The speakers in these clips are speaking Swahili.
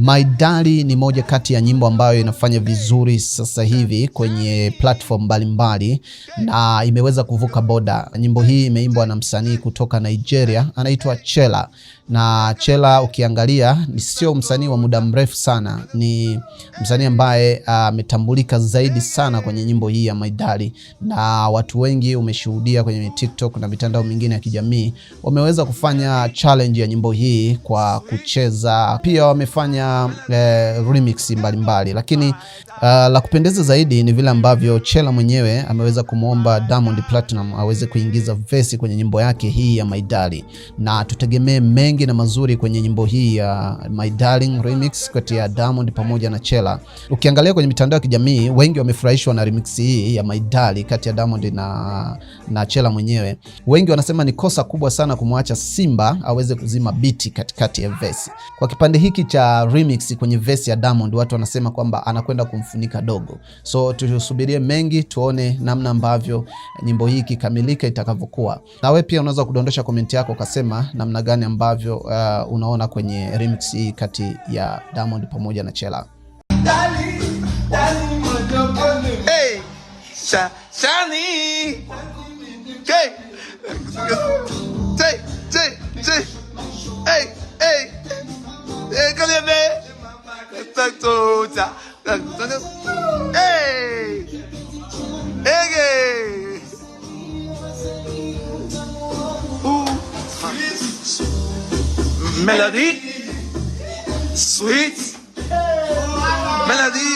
Maidali ni moja kati ya nyimbo ambayo inafanya vizuri sasa hivi kwenye platform mbalimbali na imeweza kuvuka boda. Nyimbo hii imeimbwa na msanii kutoka Nigeria anaitwa Chela, na Chela ukiangalia sio msanii wa muda mrefu sana, ni msanii ambaye ah, ametambulika uh, zaidi sana kwenye nyimbo hii ya Maidali, na watu wengi umeshuhudia kwenye TikTok na mitandao mingine ya kijamii wameweza kufanya challenge ya nyimbo hii kwa kucheza, pia wamefanya eh, remix mbalimbali mbali. Lakini uh, la kupendeza zaidi ni vile ambavyo Chela mwenyewe ameweza kumwomba Diamond Platinum aweze kuingiza vesi kwenye nyimbo yake hii ya My Darling, na tutegemee mengi na mazuri kwenye nyimbo hii ya My Darling remix kati ya Diamond pamoja na Chela. Ukiangalia kwenye mitandao ya kijamii, wengi wamefurahishwa na remix hii ya My Darling kati ya Diamond na, na Chela mwenyewe. Wengi wanasema ni kosa kubwa sana kumwacha Simba aweze kuzima biti katikati ya vesi kwa kipande hiki cha remix kwenye verse ya Diamond, watu wanasema kwamba anakwenda kumfunika Dogo. So tusubirie mengi, tuone namna ambavyo nyimbo hii ikikamilika itakavyokuwa. na wewe pia unaweza kudondosha komenti yako ukasema namna gani ambavyo uh, unaona kwenye remix hii kati ya Diamond pamoja na Chela. Hey, sha, shani. Hey. Hey. Rosa. Hey! Hey! Melody. Sweet. Melody.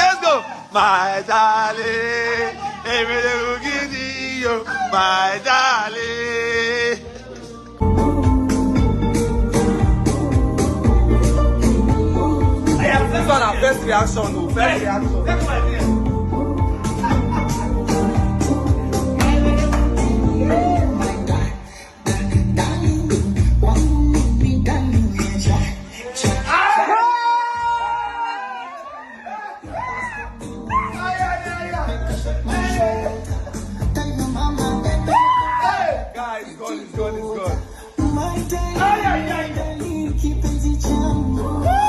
Let's go. My darling. Every little giddy. My darling. reaction, no. First reaction. Take my name. God is God. My day, keep it each